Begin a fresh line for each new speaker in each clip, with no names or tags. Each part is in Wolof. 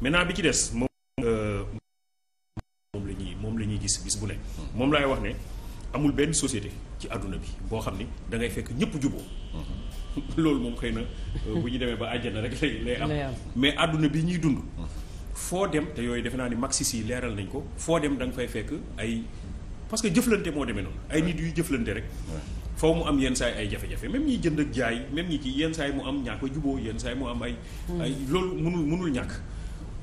maintenant bi ci des moom moom la ñuy moom la ñuy gis bis bu ne moom laay wax ne amul benn société ci àdduna bi boo xam ne da ngay fekk ñëpp juboo loolu moom xëy na euh, bu ñu demee ba àjjana rek lay lay am mais àdduna bi ñuy dund foo dem te yooyu defe naa ni maxis yi leeral nañ ko foo dem da nga fay fekk ay parce que jëflante moo demee noonu ay nit yu jëflante rek faw mu am yenn saay ay jafe-jafe même ñiy jënd ak jaay même ñi ci yenn saay mu am ñàkk a juboo yenn saay mu am ay hmm. ay loolu mënul mënul ñàkk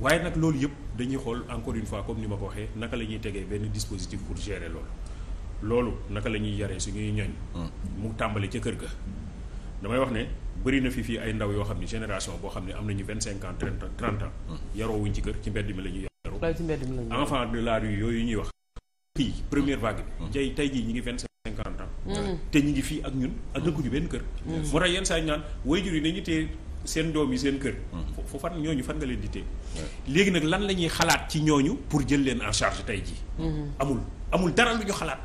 waaye nag loolu yëpp dañuy xool encore une fois comme ni ma ko waxee naka la ñuy tegee benn dispositif pour gérer loolu loolu naka la ñuy su suñuy ñoñ mu tàmbali ca kër ga damay wax ne bëri na fi fii ay ndaw yoo xam ne génération boo xam ne am nañu vingt cinquante ans trente trente yaroo wuñ ci kër ci mbedd mi la ñuy yaru enfant de la yooyu ñuy wax kii première vague mm. tey tey jii ñi ngi vingt cinquante ans mm. te ñi ngi fi ak ñun ak dëkkuñu benn kër mm. moo yenn saa ñu naan waajur yi nañu téye seen doom yi seen kër. Hmm. fo fan ñooñu fan nga leen di téye. léegi nag lan la ñuy xalaat ci ñooñu pour jël leen en charge tey jii. Hmm. amul amul dara lu ñu xalaat.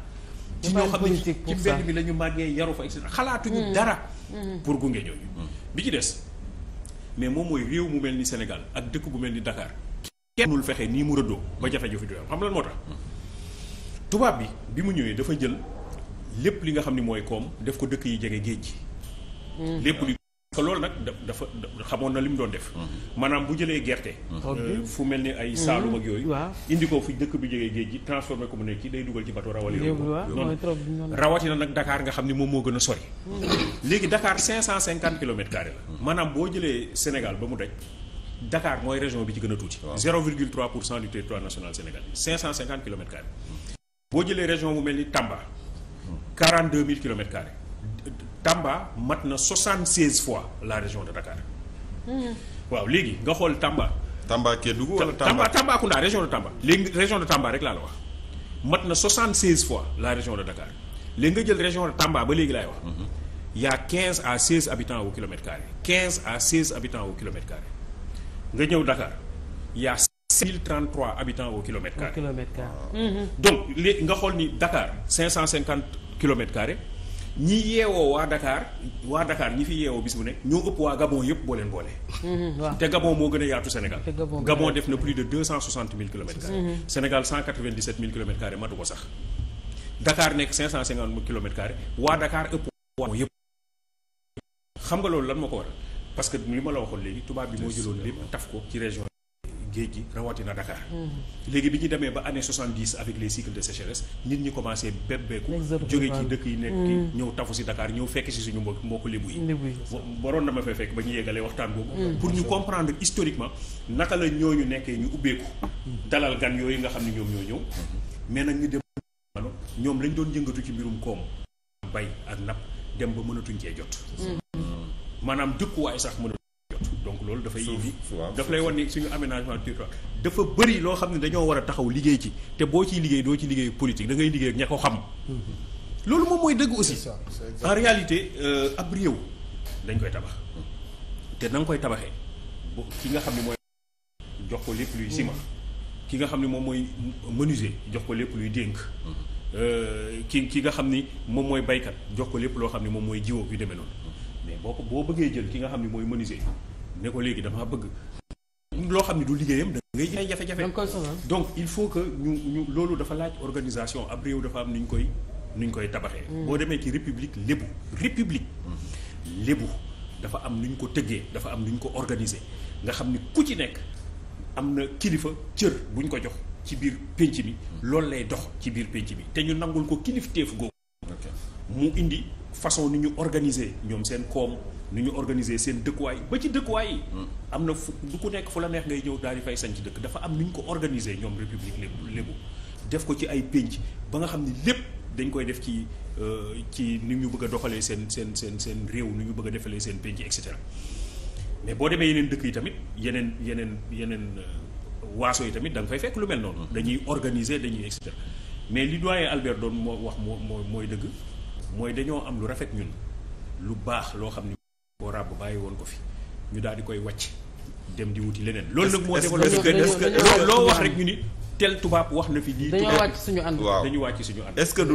ci ñoo xam ne ci mbedd la ñu màggee yaru fa et xalaatuñu hmm. dara. pour gunge ñooñu. bi ci des mais moom mooy réew mu mel ni Sénégal ak dëkk bu mel ni Dakar. kenn mënul fexe nii mu rëddoo ba jafe-jafe du am xam lan moo tax. tubaab bi bi mu ñëwee dafa jël lépp li nga xam ne mooy koom def ko dëkk yi jege géej ji lépp li parce que loolu nag dafa xamoon na li mu doon def. Mhm. maanaam bu jëlee gerte. Euh, fu mel ni ay mhm. saalum ak yooyu. indi ko fi dëkk bi jógee géej gi transformé ko mu nekk ci day dugal ci bateau rawale yooyu. rawatina nag Dakar nga xam ni moom moo gën a sori. Mhm. léegi Dakar 550 kilomètres carrés la. maanaam boo jëlee Sénégal ba mu daj. Dakar mooy région bi ci gën a tuuti. 0,3 pour cent du territoire national sénégalais 550 kilomètres carrés. boo jëlee région bu mel ni Tamba. 42 000 kilomètres carrés. Tamba mat na 76 fois la région de Dakar. waaw léegi nga xool Tamba. Tamba Kédougou wala Tamba Tambacounda région de Tamba. léegi région de Tamba rek laa la wax mat na 76 fois la région de Dakar léegi nga jël région de Tamba ba léegi laay wax. Mhm. y' a 15 à 16 habitants au kilomètre carré quinze à 16 habitants au kilomètre carré nga ñëw Dakar y' a 1033 habitants au kilomètre carré. au kilomètre carré. Mhm. donc léegi nga xool ni Dakar 550 ñi yeewoo waa Dakar waa Dakar ñi fi yeewoo bis bu nekk ñoo ëpp waa Gabon yëpp boo leen boolee mhm, te Gabon moo gën a yaatu Sénégal. Gabon def na plus de deux cent soixante mille kilomètres carrés. Mhm. Sénégal cent quatre vingt dix sept mille kilomètres carrés matu ko sax. Dakar nekk cinq cent cinquante mille kilomètres waa Dakar ëpp waa Gabon yëpp. xam nga loolu la moo ko waral parce que li ma la waxoon léegi tubaab bi moo jëloon lépp taf ko ci région géej gi rawatina Dakar. léegi bi ñu demee ba année soixante dix avec les cycles de sécheresse nit ñi commencé bebbeeku. jóge ci dëkk yi nekk mm. ñëw tafu si Dakar ñëw fekk si suñu mbokk mbokk yi. waroon na ma fay fekk ba ñu yeggalee waxtaan boobu. Mm. pour ñu comprendre historiquement naka la ñooñu nekkee ñu ubbeeku. dalal gan yooyu nga xam ne ñoom ñoo ñëw. Mm-hmm. mais nag ñu dem ñoom lañ doon jëngatu ci mbirum koom. bay ak napp dem ba mënatuñ cee jot. Mm. maanaam dëkkuwaay sax mënatu loolu dafay indi daf lay wan ni suñu aménagement du territoire dafa bëri loo xam ne dañoo war a taxaw liggéey ci te boo ciy liggéey doo ci liggéey politique da ngay liggéey ak ña ko xam mm-hmm. loolu moom mooy dëgg aussi en réalité euh, ab réew dañ koy tabax te na nga koy tabaxee bo ki nga xam ne mooy jox ko lépp luy mm-hmm. ki nga xam ne moom mooy menuisier jox ko lépp luy dénk mm-hmm. euh, ki ki nga xam ni moom mooy baykat jox ko lépp loo xam ne moom mooy jiwo bi demee noonu mais boo ko boo bëggee jël ki nga xam ne mooy menuisier ne ko léegi damaa bëgg. loo xam ne du liggéeyam da ngay ay jafe-jafe donc il faut que ñu ñu loolu dafa laaj organisation ab réew dafa am ni ñu koy ni ñu koy tabaxee hmm. boo demee ci république lébu république hmm. lébu dafa am nu ñu ko tëggee dafa am nu ñu ko organiser nga xam ni ku ci nekk am na kilifa cër bu ñu ko jox ci biir pénc mi hmm. loolu lay dox ci biir pénc mi te ñu nangul ko kilif teef googu mu indi façon nu ñu organiser ñoom seen koom nu ñu organiser seen dëkkuwaay ba ci dëkkuwaay yi. am na fu du ku nekk fu la neex ngay ñëw daal di fay sañ ci dëkk dafa am nu ñu ko organiser ñoom république lébu def ko ci ay pénc ba nga xam ne lépp dañ koy def ci euh, ci ni ñu bëgg a doxalee seen seen seen seen réew ni ñu bëgg a defalee seen pénc et mais boo demee yeneen dëkk yi tamit yeneen yeneen yeneen euh, waaso yi tamit danga fay fekk lu mel noonu. dañuy organiser dañuy et mais li doyen Albert doon moo wax moo mooy dëgg mooy dañoo am lu rafet ñun lu boo ràbb bàyyi woon ko fi ñu daal di koy wàcc dem di wuti leneen. loolu nag moo defal loo wax rek ñu ni tel tubaab wax na fi. lii tubaab dañu dañu wàcc suñu ànd.